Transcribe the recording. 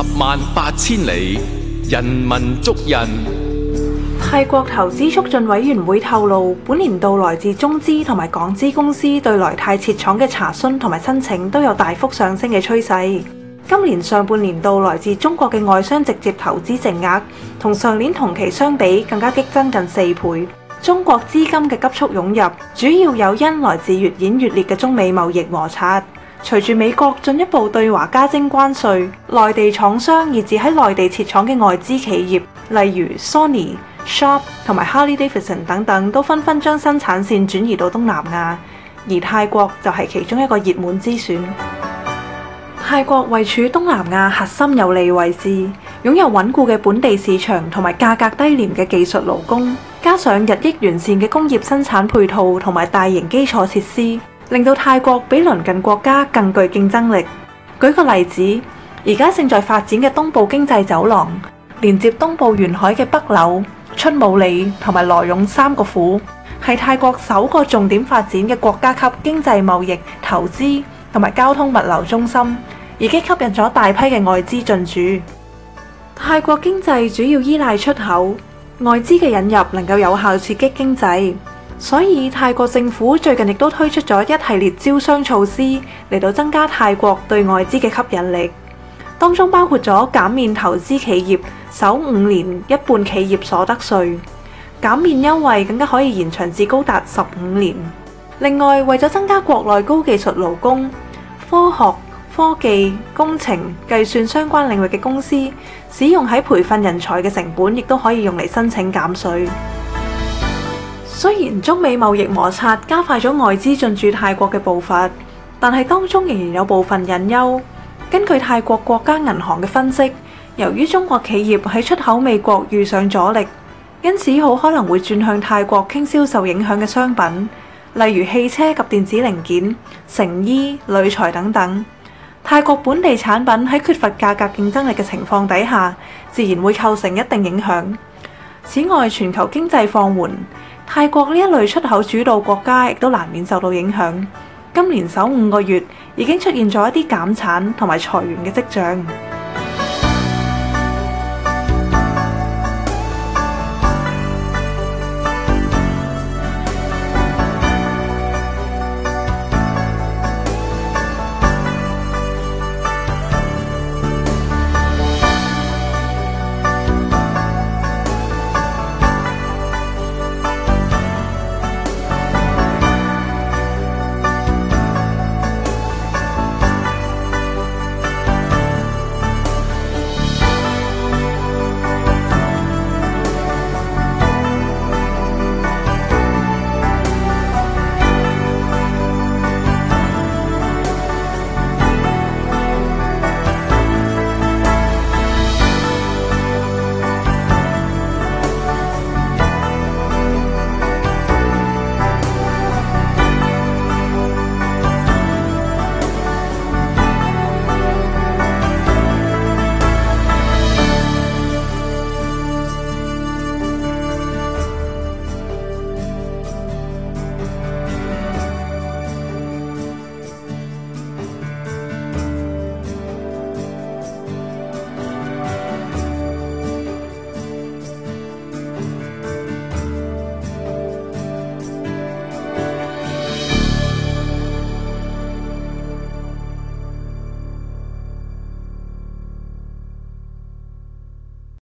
十萬八千里，人文足印。泰國投資促進委員會透露，本年度來自中資同埋港資公司對來泰設廠嘅查詢同埋申請都有大幅上升嘅趨勢。今年上半年度來自中國嘅外商直接投資淨額，同上年同期相比更加激增近四倍。中國資金嘅急速湧入，主要有因來自越演越烈嘅中美貿易摩擦。隨住美國進一步對華加徵關稅，內地廠商以至喺內地設廠嘅外資企業，例如 Sony、Sharp 同埋 Harley-Davidson 等等，都紛紛將生產線轉移到東南亞，而泰國就係其中一個熱門之選。泰國位處東南亞核心有利位置，擁有穩固嘅本地市場同埋價格低廉嘅技術勞工，加上日益完善嘅工業生產配套同埋大型基礎設施。令到泰國比鄰近國家更具競爭力。舉個例子，而家正在發展嘅東部經濟走廊，連接東部沿海嘅北柳、春武里同埋羅勇三個府，係泰國首個重點發展嘅國家級經濟貿易、投資同埋交通物流中心，已經吸引咗大批嘅外資進駐。泰國經濟主要依賴出口，外資嘅引入能夠有效刺激經濟。所以，泰國政府最近亦都推出咗一系列招商措施嚟到增加泰國對外資嘅吸引力，當中包括咗減免投資企業首五年一半企業所得稅，減免優惠更加可以延長至高達十五年。另外，為咗增加國內高技術勞工、科學、科技、工程、計算相關領域嘅公司，使用喺培訓人才嘅成本亦都可以用嚟申請減稅。雖然中美貿易摩擦加快咗外資進駐泰國嘅步伐，但係當中仍然有部分隱憂。根據泰國國家銀行嘅分析，由於中國企業喺出口美國遇上阻力，因此好可能會轉向泰國傾銷受影響嘅商品，例如汽車及電子零件、成衣、鋁材等等。泰國本地產品喺缺乏價格競爭力嘅情況底下，自然會構成一定影響。此外，全球經濟放緩。泰國呢一類出口主導國家亦都難免受到影響，今年首五個月已經出現咗一啲減產同埋裁員嘅跡象。